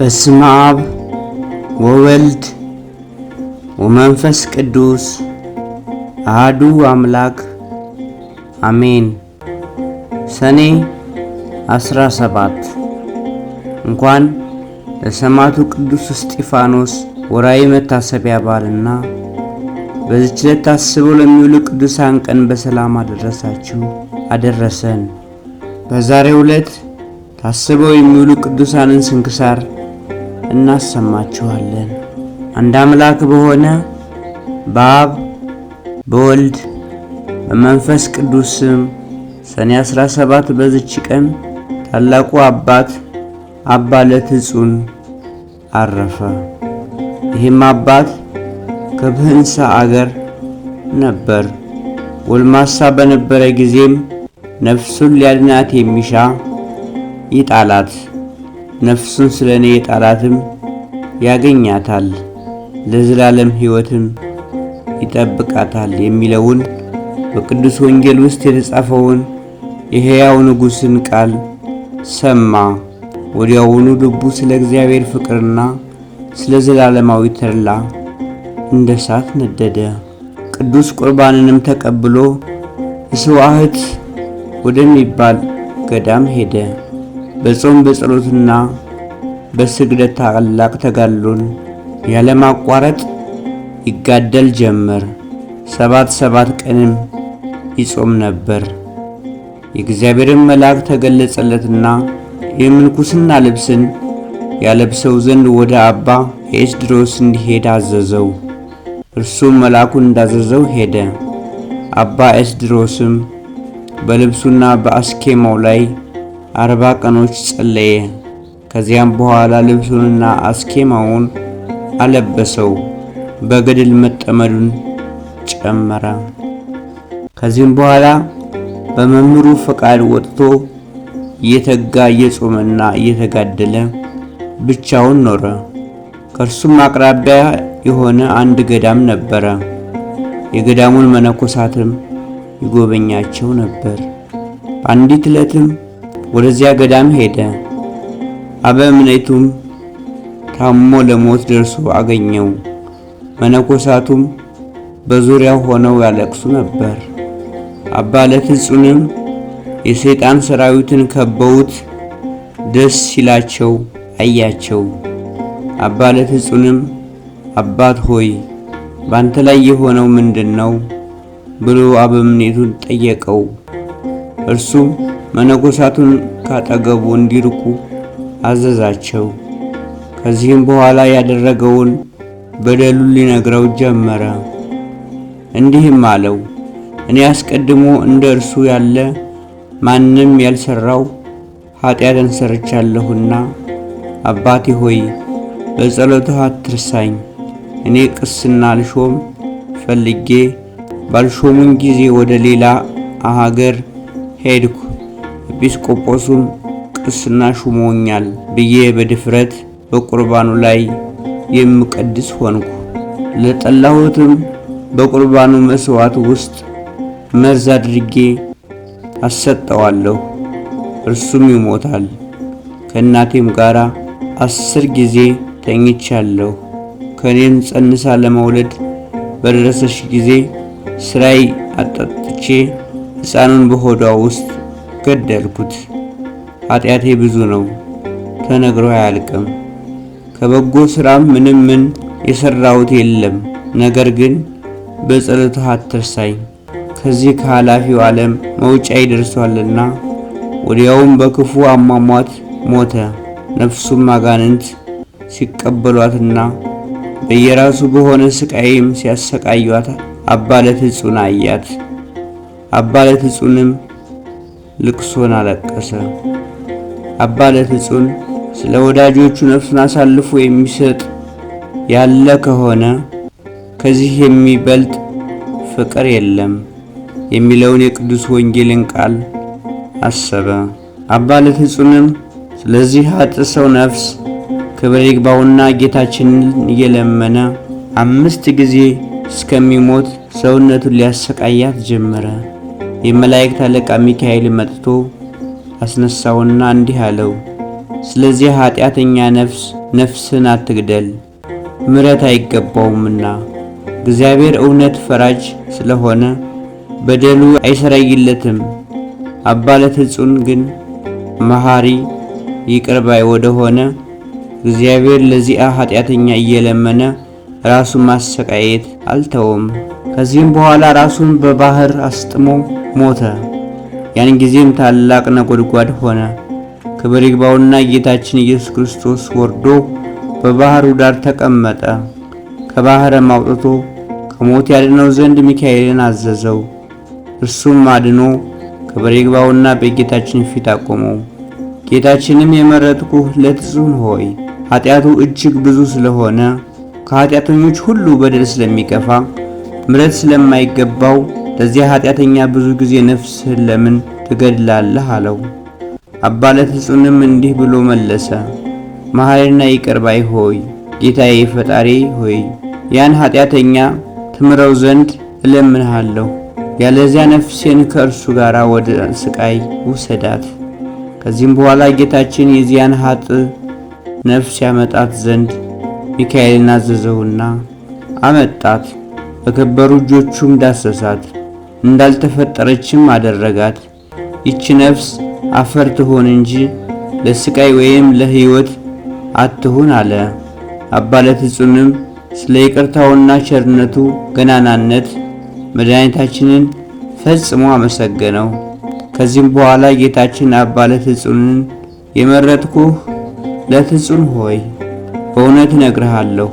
በስመ አብ ወወልድ ወመንፈስ ቅዱስ አህዱ አምላክ አሜን። ሰኔ 17 እንኳን ለሰማዕቱ ቅዱስ እስጢፋኖስ ወራይ መታሰቢያ በዓልና በዚች ዕለት ታስበው ለሚውሉ ቅዱሳን ቀን በሰላም አደረሳችሁ አደረሰን። በዛሬው ዕለት ታስበው የሚውሉ ቅዱሳንን ስንክሳር እናሰማችኋለን። አንድ አምላክ በሆነ በአብ በወልድ በመንፈስ ቅዱስ ስም ሰኔ 17 በዝች ቀን ታላቁ አባት አባ ለትጹን አረፈ። ይህም አባት ከብህንሳ አገር ነበር። ጎልማሳ በነበረ ጊዜም ነፍሱን ሊያድናት የሚሻ ይጣላት ነፍሱን ስለ እኔ የጣላትም ያገኛታል፣ ለዘላለም ሕይወትም ይጠብቃታል የሚለውን በቅዱስ ወንጌል ውስጥ የተጻፈውን የሕያው ንጉሥን ቃል ሰማ። ወዲያውኑ ልቡ ስለ እግዚአብሔር ፍቅርና ስለ ዘላለማዊ ተድላ እንደ እሳት ነደደ። ቅዱስ ቁርባንንም ተቀብሎ እስዋዕት ወደሚባል ገዳም ሄደ። በጾም በጸሎትና በስግደት ታላቅ ተጋድሎን ያለማቋረጥ ይጋደል ጀመር። ሰባት ሰባት ቀንም ይጾም ነበር። የእግዚአብሔርን መልአክ ተገለጸለትና የምንኩስና ልብስን ያለብሰው ዘንድ ወደ አባ ኤስድሮስ እንዲሄድ አዘዘው። እርሱም መልአኩን እንዳዘዘው ሄደ። አባ ኤስድሮስም በልብሱና በአስኬማው ላይ አርባ ቀኖች ጸለየ። ከዚያም በኋላ ልብሱንና አስኬማውን አለበሰው፣ በገድል መጠመዱን ጨመረ። ከዚህም በኋላ በመምህሩ ፈቃድ ወጥቶ እየተጋ እየጾመና እየተጋደለ ብቻውን ኖረ። ከእርሱም አቅራቢያ የሆነ አንድ ገዳም ነበረ። የገዳሙን መነኮሳትም ይጎበኛቸው ነበር። በአንዲት ዕለትም ወደዚያ ገዳም ሄደ። አበምኔቱም ታሞ ለሞት ደርሶ አገኘው። መነኮሳቱም በዙሪያው ሆነው ያለቅሱ ነበር። አባ ለፍጹንም የሰይጣን ሰራዊትን ከበውት ደስ ሲላቸው አያቸው። አባ ለፍጹንም አባት ሆይ ባንተ ላይ የሆነው ምንድነው ብሎ አበምኔቱን ጠየቀው። እርሱም መነኮሳቱን ካጠገቡ እንዲርቁ አዘዛቸው። ከዚህም በኋላ ያደረገውን በደሉን ሊነግረው ጀመረ። እንዲህም አለው፣ እኔ አስቀድሞ እንደ እርሱ ያለ ማንም ያልሰራው ኃጢአትን ሰርቻለሁና አባቴ ሆይ በጸሎትህ አትርሳኝ። እኔ ቅስና ልሾም ፈልጌ ባልሾሙን ጊዜ ወደ ሌላ አሀገር ሄድኩ። ኤጲስቆጶሱም ቅስና ሹሞኛል ብዬ በድፍረት በቁርባኑ ላይ የምቀድስ ሆንኩ። ለጠላሁትም በቁርባኑ መስዋዕት ውስጥ መርዝ አድርጌ አሰጠዋለሁ፣ እርሱም ይሞታል። ከእናቴም ጋር አስር ጊዜ ተኝቻለሁ። ከእኔም ጸንሳ ለመውለድ በደረሰች ጊዜ ስራይ አጠጥቼ ሕፃኑን በሆዷ ውስጥ ገደልኩት። ኃጢአቴ ብዙ ነው፣ ተነግሮ አያልቅም። ከበጎ ሥራም ምንም ምን የሠራሁት የለም። ነገር ግን በጸሎትህ አትርሳኝ፣ ከዚህ ከኃላፊው ዓለም መውጫ ይደርሷልና። ወዲያውም በክፉ አሟሟት ሞተ። ነፍሱም አጋንንት ሲቀበሏትና በየራሱ በሆነ ስቃይም ሲያሰቃዩት አባለት ለትጹን አያት። አባለት ለትጹንም ልቅሶን አለቀሰ። አባ ለትጹን ስለ ወዳጆቹ ነፍሱን አሳልፎ የሚሰጥ ያለ ከሆነ ከዚህ የሚበልጥ ፍቅር የለም የሚለውን የቅዱስ ወንጌልን ቃል አሰበ። አባ ለትጹንም ስለዚህ አጥሰው ነፍስ ክብር ይግባውና ጌታችንን እየለመነ አምስት ጊዜ እስከሚሞት ሰውነቱን ሊያሰቃያት ጀመረ። የመላእክት አለቃ ሚካኤል መጥቶ አስነሳውና እንዲህ አለው፣ ስለዚህ ኃጢአተኛ ነፍስ ነፍስን አትግደል ምረት አይገባውምና እግዚአብሔር እውነት ፈራጅ ስለሆነ በደሉ አይሰረይለትም። አባለት ተጹን ግን መሐሪ ይቅርባይ ወደሆነ ወደ ሆነ እግዚአብሔር ለዚያ ኃጢአተኛ እየለመነ ራሱ ማሰቃየት አልተውም። ከዚህም በኋላ ራሱን በባህር አስጥሞ ሞተ። ያን ጊዜም ታላቅ ነጎድጓድ ሆነ። ክብር ይግባውና ጌታችን ኢየሱስ ክርስቶስ ወርዶ በባህሩ ዳር ተቀመጠ። ከባህርም አውጥቶ ከሞት ያድነው ዘንድ ሚካኤልን አዘዘው። እርሱም አድኖ ክብር ይግባውና በጌታችን ፊት አቆመው። ጌታችንም የመረጥኩህ ለትጹን ሆይ ኃጢአቱ እጅግ ብዙ ስለሆነ ከኃጢአተኞች ሁሉ በደል ስለሚከፋ ምረት ስለማይገባው ለዚያ ኃጢአተኛ ብዙ ጊዜ ነፍስ ለምን ትገድላለህ? አለው። አባ ለፍጹንም እንዲህ ብሎ መለሰ። መሐሪና ይቅር ባይ ሆይ ጌታዬ ፈጣሪ ሆይ ያን ኃጢአተኛ ትምረው ዘንድ እለምንሃለሁ። ያለዚያ ነፍሴን ከእርሱ ጋር ወደ ስቃይ ውሰዳት። ከዚህም በኋላ ጌታችን የዚያን ሀጥ ነፍስ ያመጣት ዘንድ ሚካኤልን አዘዘውና አመጣት። በከበሩ እጆቹም ዳሰሳት፣ እንዳልተፈጠረችም አደረጋት። ይቺ ነፍስ አፈር ትሆን እንጂ ለስቃይ ወይም ለሕይወት አትሁን አለ። አባለት ለፍጹምም ስለ ይቅርታውና ቸርነቱ ገናናነት መድኃኒታችንን ፈጽሞ አመሰገነው። ከዚህም በኋላ ጌታችን አባለት ለፍጹምን የመረጥኩህ ለትጹን ሆይ በእውነት እነግርሃለሁ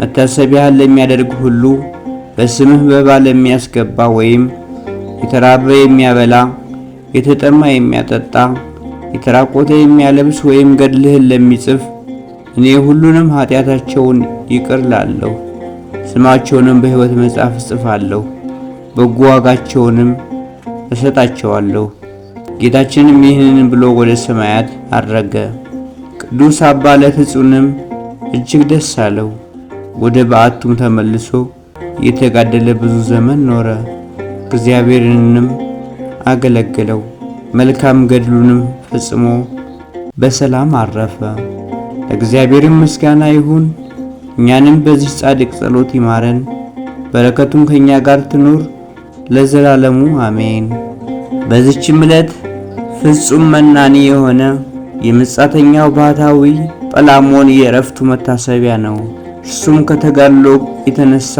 መታሰቢያህን ለሚያደርግ ሁሉ በስምህ በባል የሚያስገባ ወይም የተራበ የሚያበላ የተጠማ የሚያጠጣ የተራቆተ የሚያለብስ ወይም ገድልህን ለሚጽፍ እኔ ሁሉንም ኃጢአታቸውን ይቅር ላለሁ ስማቸውንም በሕይወት መጽሐፍ እጽፋለሁ፣ በጎ ዋጋቸውንም እሰጣቸዋለሁ። ጌታችንም ይህንን ብሎ ወደ ሰማያት አረገ። ቅዱስ አባ ለፍጹንም እጅግ ደስ አለው። ወደ በዓቱም ተመልሶ የተጋደለ ብዙ ዘመን ኖረ። እግዚአብሔርንም አገለገለው፣ መልካም ገድሉንም ፈጽሞ በሰላም አረፈ። ለእግዚአብሔርም ምስጋና ይሁን፣ እኛንም በዚህ ጻድቅ ጸሎት ይማረን፣ በረከቱም ከእኛ ጋር ትኑር ለዘላለሙ አሜን። በዚችም ዕለት ፍጹም መናኔ የሆነ የመጻተኛው ባህታዊ ጰላሞን የእረፍቱ መታሰቢያ ነው። እርሱም ከተጋድሎ የተነሳ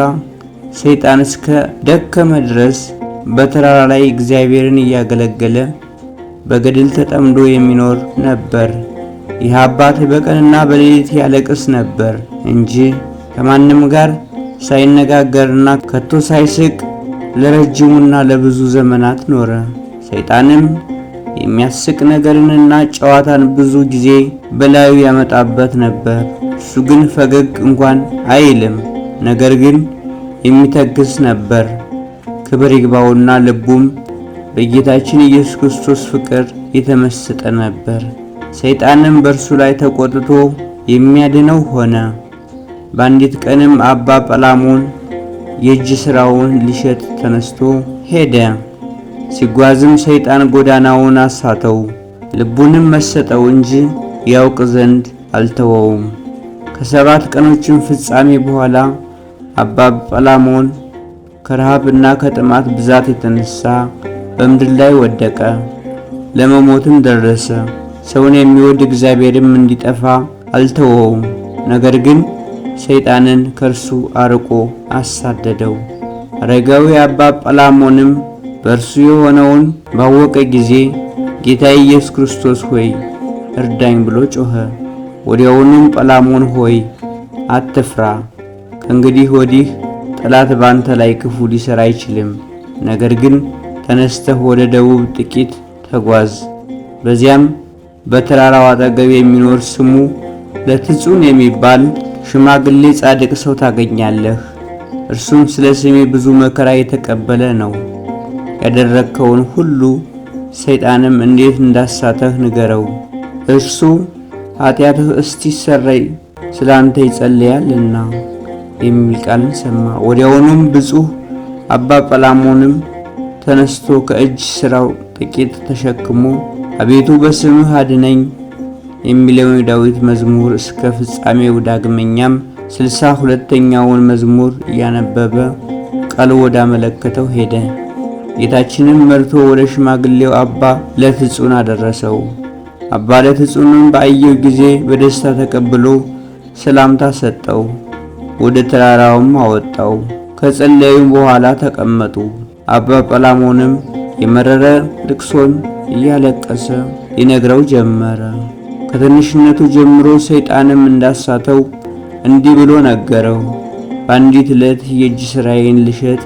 ሰይጣን እስከ ደከመ ድረስ በተራራ ላይ እግዚአብሔርን እያገለገለ በገድል ተጠምዶ የሚኖር ነበር። ይህ አባት በቀንና በሌሊት ያለቅስ ነበር እንጂ ከማንም ጋር ሳይነጋገርና ከቶ ሳይስቅ ለረጅሙና ለብዙ ዘመናት ኖረ። ሰይጣንም የሚያስቅ ነገርንና ጨዋታን ብዙ ጊዜ በላዩ ያመጣበት ነበር። እሱ ግን ፈገግ እንኳን አይልም። ነገር ግን የሚተግስ ነበር። ክብር ይግባውና ልቡም በጌታችን ኢየሱስ ክርስቶስ ፍቅር የተመሰጠ ነበር። ሰይጣንም በእርሱ ላይ ተቆጥቶ የሚያድነው ሆነ። በአንዲት ቀንም አባ ጳላሞን የእጅ ሥራውን ሊሸጥ ተነስቶ ሄደ። ሲጓዝም ሰይጣን ጎዳናውን አሳተው፣ ልቡንም መሰጠው እንጂ ያውቅ ዘንድ አልተወውም። ከሰባት ቀኖችም ፍጻሜ በኋላ አባ ጰላሞን ከረሃብና ከጥማት ብዛት የተነሳ በምድር ላይ ወደቀ፣ ለመሞትም ደረሰ። ሰውን የሚወድ እግዚአብሔርም እንዲጠፋ አልተወውም፣ ነገር ግን ሰይጣንን ከእርሱ አርቆ አሳደደው። አረጋዊ አባ ጳላሞንም በእርሱ የሆነውን ባወቀ ጊዜ ጌታ ኢየሱስ ክርስቶስ ሆይ እርዳኝ ብሎ ጮኸ። ወዲያውንም ጳላሞን ሆይ አትፍራ ከእንግዲህ ወዲህ ጠላት ባንተ ላይ ክፉ ሊሰራ አይችልም። ነገር ግን ተነስተህ ወደ ደቡብ ጥቂት ተጓዝ። በዚያም በተራራው አጠገብ የሚኖር ስሙ ለትጹን የሚባል ሽማግሌ ጻድቅ ሰው ታገኛለህ። እርሱም ስለ ስሜ ብዙ መከራ የተቀበለ ነው። ያደረግከውን ሁሉ ሰይጣንም እንዴት እንዳሳተህ ንገረው። እርሱ ኃጢአትህ እስቲሰረይ ስለ አንተ ይጸልያልና የሚል ቃል ሰማ። ወዲያውኑም ብፁዕ አባ ጳላሞንም ተነስቶ ከእጅ ስራው ጥቂት ተሸክሞ አቤቱ በስምህ አድነኝ የሚለውን የዳዊት መዝሙር እስከ ፍጻሜው ዳግመኛም ስልሳ ሁለተኛውን መዝሙር እያነበበ ቃል ወዳመለከተው ሄደ። ጌታችንም መርቶ ወደ ሽማግሌው አባ ለፍጹም አደረሰው። አባ ለፍጹምም ባየው ጊዜ በደስታ ተቀብሎ ሰላምታ ሰጠው። ወደ ተራራውም አወጣው። ከጸለዩም በኋላ ተቀመጡ። አባ ጰላሞንም የመረረ ልቅሶን እያለቀሰ ይነግረው ጀመረ። ከትንሽነቱ ጀምሮ ሰይጣንም እንዳሳተው እንዲህ ብሎ ነገረው። በአንዲት ዕለት የእጅ ሥራዬን ልሸጥ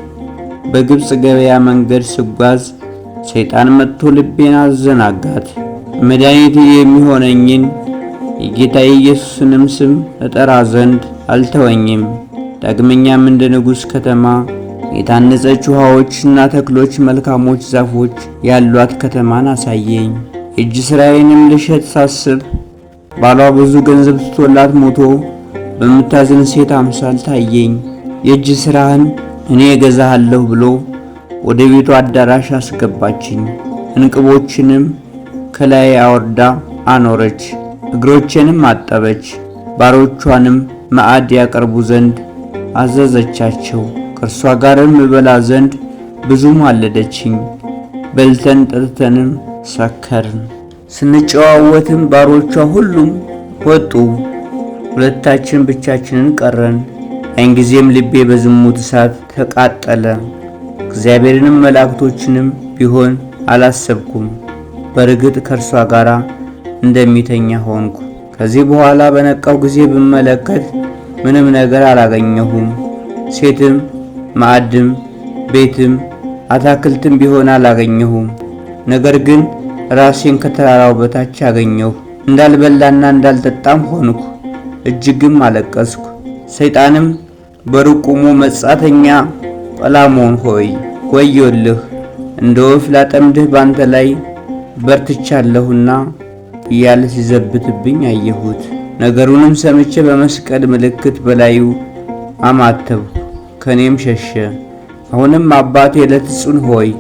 በግብፅ ገበያ መንገድ ስጓዝ ሰይጣን መጥቶ ልቤን አዘናጋት። መድኃኒት የሚሆነኝን የጌታ ኢየሱስንም ስም እጠራ ዘንድ አልተወኝም። ዳግመኛም እንደ ንጉሥ ከተማ የታነጸች ውሃዎችና ተክሎች መልካሞች ዛፎች ያሏት ከተማን አሳየኝ። እጅ ሥራዬንም ልሸጥ ሳስብ ባሏ ብዙ ገንዘብ ትቶላት ሞቶ በምታዝን ሴት አምሳል ታየኝ። የእጅ ሥራህን እኔ እገዛሃለሁ ብሎ ወደ ቤቱ አዳራሽ አስገባችኝ። እንቅቦችንም ከላይ አወርዳ አኖረች። እግሮቼንም አጠበች። ባሮቿንም ማዕድ ያቀርቡ ዘንድ አዘዘቻቸው። ከእርሷ ጋርም እበላ ዘንድ ብዙ ማለደችኝ። በልተን ጠጥተንም ሰከርን። ስንጨዋወትም ባሮቿ ሁሉም ወጡ፣ ሁለታችን ብቻችንን ቀረን። ያን ጊዜም ልቤ በዝሙት እሳት ተቃጠለ። እግዚአብሔርንም መላእክቶችንም ቢሆን አላሰብኩም። በርግጥ ከእርሷ ጋር እንደሚተኛ ሆንኩ። ከዚህ በኋላ በነቃው ጊዜ ብመለከት ምንም ነገር አላገኘሁም። ሴትም ማዕድም ቤትም አታክልትም ቢሆን አላገኘሁም። ነገር ግን ራሴን ከተራራው በታች አገኘሁ። እንዳልበላና እንዳልጠጣም ሆንኩ፣ እጅግም አለቀስኩ። ሰይጣንም በሩቅ ቆሞ መጻተኛ ጰላሞን ሆይ ወዮልህ፣ እንደ ወፍ ላጠምድህ ባንተ ላይ በርትቻለሁና እያለ ሲዘብትብኝ አየሁት። ነገሩንም ሰምቼ በመስቀል ምልክት በላዩ አማተብ ከኔም ሸሸ። አሁንም አባቴ ለትጹን ሆይ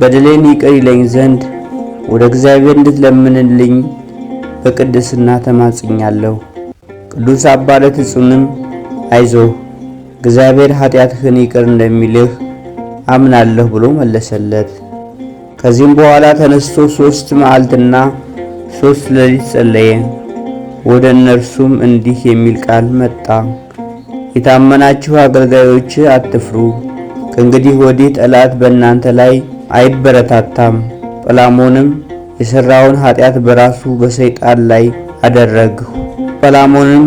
በደሌን ይቅር ይለኝ ዘንድ ወደ እግዚአብሔር እንድትለምንልኝ በቅድስና ተማጽኛለሁ። ቅዱስ አባ ለትጹንም አይዞህ እግዚአብሔር ኃጢአትህን ይቅር እንደሚልህ አምናለሁ ብሎ መለሰለት። ከዚህም በኋላ ተነስቶ ሶስት መዓልትና ሦስት ሌሊት ጸለየ። ወደ እነርሱም እንዲህ የሚል ቃል መጣ። የታመናችሁ አገልጋዮች አትፍሩ። ከእንግዲህ ወዲህ ጠላት በእናንተ ላይ አይበረታታም። ጰላሞንም የሠራውን ኀጢአት በራሱ በሰይጣን ላይ አደረግሁ። ጰላሞንም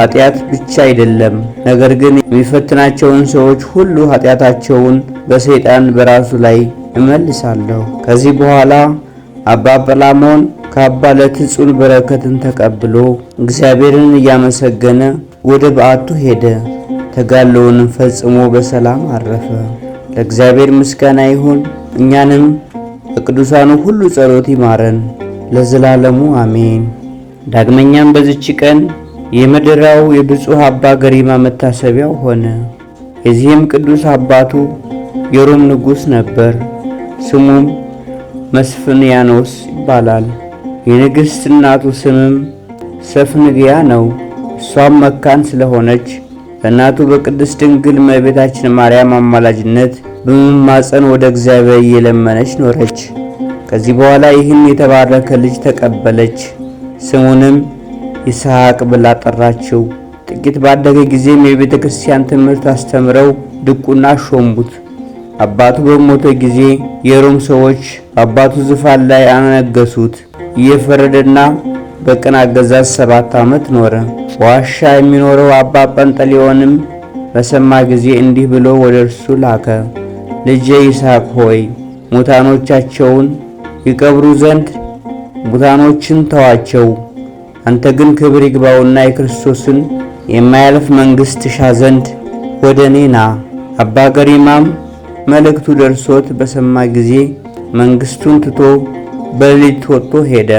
ኀጢአት ብቻ አይደለም፣ ነገር ግን የሚፈትናቸውን ሰዎች ሁሉ ኀጢአታቸውን በሰይጣን በራሱ ላይ እመልሳለሁ። ከዚህ በኋላ አባ ጰላሞን ከአባ ለትጹል በረከትን ተቀብሎ እግዚአብሔርን እያመሰገነ ወደ በዓቱ ሄደ። ተጋድሎውንም ፈጽሞ በሰላም አረፈ። ለእግዚአብሔር ምስጋና ይሁን። እኛንም በቅዱሳኑ ሁሉ ጸሎት ይማረን ለዘላለሙ አሜን። ዳግመኛም በዚች ቀን የመደራው የብፁዕ አባ ገሪማ መታሰቢያው ሆነ። የዚህም ቅዱስ አባቱ የሮም ንጉሥ ነበር። ስሙም መስፍንያኖስ ይባላል። የንግሥት እናቱ ስምም ሰፍንግያ ነው። እሷም መካን ስለሆነች በእናቱ በቅድስት ድንግል መቤታችን ማርያም አማላጅነት በመማፀን ወደ እግዚአብሔር እየለመነች ኖረች። ከዚህ በኋላ ይህን የተባረከ ልጅ ተቀበለች። ስሙንም ይስሐቅ ብላ ጠራችው። ጥቂት ባደገ ጊዜም የቤተ ክርስቲያን ትምህርት አስተምረው ድቁና ሾሙት። አባቱ በሞተ ጊዜ የሮም ሰዎች በአባቱ ዙፋን ላይ አነገሱት። እየፈረደና በቅን አገዛዝ ሰባት ዓመት ኖረ። ዋሻ የሚኖረው አባ ጰንጠሌዎንም በሰማ ጊዜ እንዲህ ብሎ ወደ እርሱ ላከ። ልጄ ይስሐቅ ሆይ ሙታኖቻቸውን ይቀብሩ ዘንድ ሙታኖችን ተዋቸው። አንተ ግን ክብር ይግባውና የክርስቶስን የማያልፍ መንግሥት ትሻ ዘንድ ወደ እኔ ና። አባ ገሪማም መልእክቱ ደርሶት በሰማ ጊዜ መንግሥቱን ትቶ በሌሊት ወጥቶ ሄደ።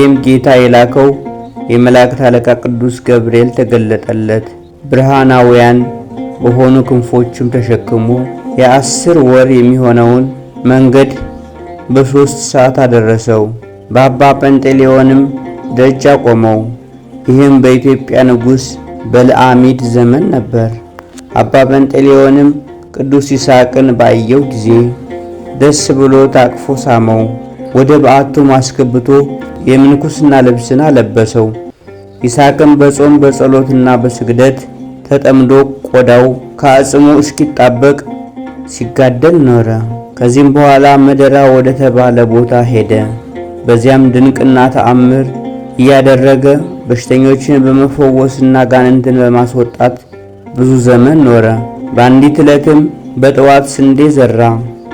ያን ጌታ የላከው የመላእክት አለቃ ቅዱስ ገብርኤል ተገለጠለት። ብርሃናውያን በሆኑ ክንፎቹም ተሸክሞ የአስር ወር የሚሆነውን መንገድ በሦስት ሰዓት አደረሰው። በአባ ጴንጤሌዎንም ደጅ አቆመው። ይህም በኢትዮጵያ ንጉሥ በልአሚድ ዘመን ነበር። አባ ጴንጤሌዎንም ቅዱስ ይስሐቅን ባየው ጊዜ ደስ ብሎ ታቅፎ ሳመው። ወደ በዓቱም አስገብቶ የምንኩስና ልብስን አለበሰው። ይስሐቅም በጾም በጸሎትና በስግደት ተጠምዶ ቆዳው ከአጽሙ እስኪጣበቅ ሲጋደል ኖረ። ከዚህም በኋላ መደራ ወደ ተባለ ቦታ ሄደ። በዚያም ድንቅና ተአምር እያደረገ በሽተኞችን በመፈወስና ጋንንትን በማስወጣት ብዙ ዘመን ኖረ። በአንዲት ዕለትም በጠዋት ስንዴ ዘራ፣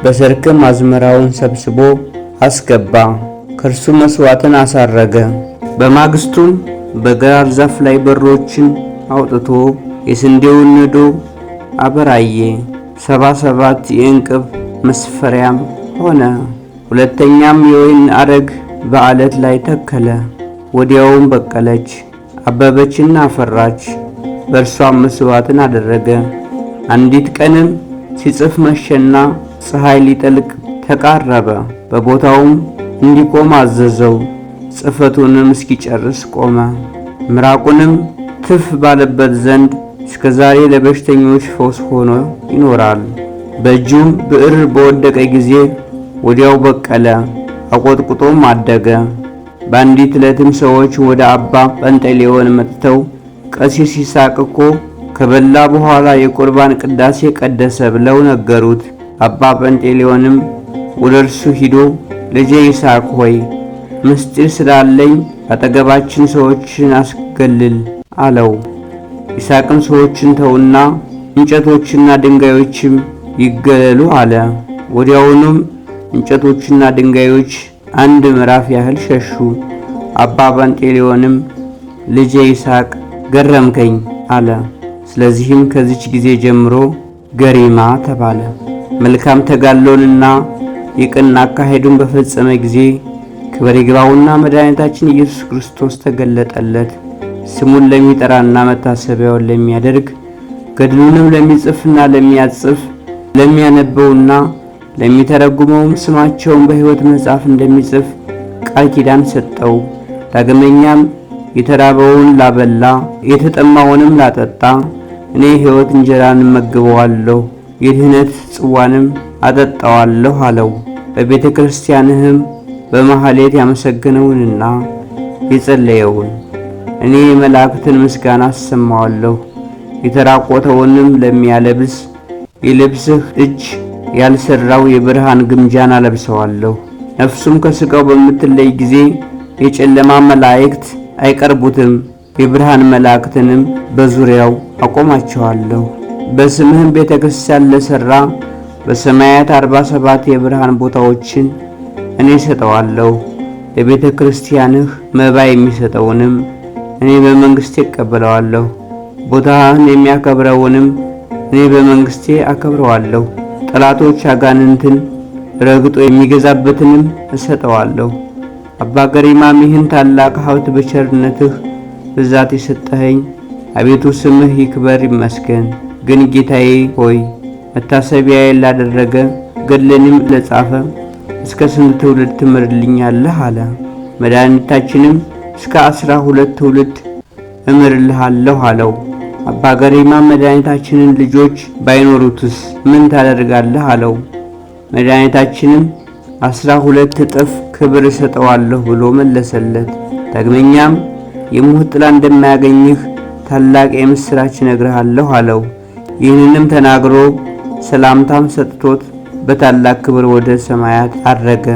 በሰርክም አዝመራውን ሰብስቦ አስገባ፣ ከእርሱ መሥዋዕትን አሳረገ። በማግስቱም በግራር ዛፍ ላይ በሮችን አውጥቶ የስንዴውን ነዶ አበራየ። ሰባ ሰባት የእንቅብ መስፈሪያም ሆነ። ሁለተኛም የወይን አረግ በዓለት ላይ ተከለ። ወዲያውም በቀለች፣ አበበችና አፈራች። በእርሷም መሥዋዕትን አደረገ። አንዲት ቀንም ሲጽፍ መሸና ፀሐይ ሊጠልቅ ተቃረበ። በቦታውም እንዲቆም አዘዘው። ጽሕፈቱንም እስኪጨርስ ቆመ። ምራቁንም ትፍ ባለበት ዘንድ እስከ ዛሬ ለበሽተኞች ፈውስ ሆኖ ይኖራል። በእጁም ብዕር በወደቀ ጊዜ ወዲያው በቀለ፣ አቆጥቁጦም አደገ። በአንዲት ዕለትም ሰዎች ወደ አባ ጰንጠሌዎን መጥተው ቀሲስ ይስሐቅ እኮ ከበላ በኋላ የቁርባን ቅዳሴ ቀደሰ ብለው ነገሩት። አባ ጰንጠሌዎንም ወደ እርሱ ሂዶ ልጄ ይስሐቅ ሆይ ምስጢር ስላለኝ አጠገባችን ሰዎችን አስገልል አለው። ይስሐቅም ሰዎችን ተውና እንጨቶችና ድንጋዮችም ይገለሉ አለ። ወዲያውኑም እንጨቶችና ድንጋዮች አንድ ምዕራፍ ያህል ሸሹ። አባ ጰንጤሌዎንም ልጄ ይስሐቅ ገረምከኝ አለ። ስለዚህም ከዚች ጊዜ ጀምሮ ገሪማ ተባለ። መልካም ተጋድሎንና የቅን አካሄዱን በፈጸመ ጊዜ ክብር ይግባውና መድኃኒታችን ኢየሱስ ክርስቶስ ተገለጠለት። ስሙን ለሚጠራና መታሰቢያውን ለሚያደርግ ገድሉንም ለሚጽፍና ለሚያጽፍ ለሚያነበውና ለሚተረጉመውም ስማቸውን በሕይወት መጽሐፍ እንደሚጽፍ ቃል ኪዳን ሰጠው። ዳግመኛም የተራበውን ላበላ የተጠማውንም ላጠጣ እኔ ሕይወት እንጀራን እመግበዋለሁ የድህነት ጽዋንም አጠጣዋለሁ አለው። በቤተ ክርስቲያንህም በማኅሌት ያመሰግነውንና የጸለየውን እኔ የመላእክትን ምስጋና አሰማዋለሁ። የተራቆተውንም ለሚያለብስ የልብስህ እጅ ያልሰራው የብርሃን ግምጃን አለብሰዋለሁ። ነፍሱም ከሥጋው በምትለይ ጊዜ የጨለማ መላእክት አይቀርቡትም፣ የብርሃን መላእክትንም በዙሪያው አቆማቸዋለሁ። በስምህም ቤተ ክርስቲያን ለሠራ በሰማያት አርባ ሰባት የብርሃን ቦታዎችን እኔ ሰጠዋለሁ። ለቤተ ክርስቲያንህ መባ የሚሰጠውንም እኔ በመንግሥቴ እቀበለዋለሁ። ቦታህን የሚያከብረውንም እኔ በመንግሥቴ አከብረዋለሁ። ጠላቶች አጋንንትን ረግጦ የሚገዛበትንም እሰጠዋለሁ። አባ ገሪማም ይህን ታላቅ ሀብት በቸርነትህ ብዛት የሰጠኸኝ አቤቱ ስምህ ይክበር ይመስገን። ግን ጌታዬ ሆይ መታሰቢያ ላደረገ ገድለንም ለጻፈ እስከ ስንት ትውልድ ትምርልኛለህ አለ። መድኃኒታችንም እስከ አስራ ሁለት ትውልድ እምርልሃለሁ አለው። አባ ገሪማ መድኃኒታችንን ልጆች ባይኖሩትስ ምን ታደርጋለህ አለው። መድኃኒታችንም አስራ ሁለት እጥፍ ክብር እሰጠዋለሁ ብሎ መለሰለት። ዳግመኛም የሞት ጥላ እንደማያገኝህ ታላቅ የምስራች እነግርሃለሁ አለው። ይህንንም ተናግሮ ሰላምታም ሰጥቶት በታላቅ ክብር ወደ ሰማያት አረገ።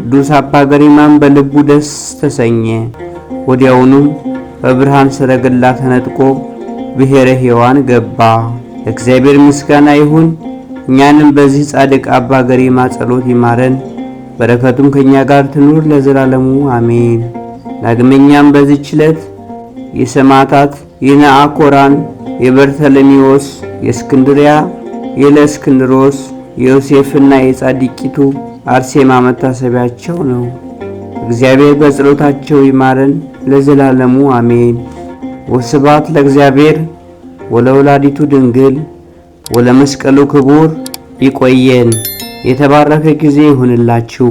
ቅዱስ አባ ገሪማም በልቡ ደስ ተሰኘ። ወዲያውኑም በብርሃን ሰረገላ ተነጥቆ ብሔረ ሕያዋን ገባ። እግዚአብሔር ምስጋና ይሁን። እኛንም በዚህ ጻድቅ አባ ገሪማ ጸሎት ይማረን፣ በረከቱም ከእኛ ጋር ትኑር ለዘላለሙ አሜን። ዳግመኛም በዚህ ችለት የሰማዕታት የነአኮራን፣ የበርተለሚዎስ፣ የእስክንድሪያ የለእስክንድሮስ የዮሴፍና የጻድቂቱ አርሴማ መታሰቢያቸው ነው። እግዚአብሔር በጸሎታቸው ይማረን ለዘላለሙ አሜን። ወስባት ለእግዚአብሔር ወለወላዲቱ ድንግል ወለመስቀሉ ክቡር። ይቆየን። የተባረከ ጊዜ ይሁንላችሁ።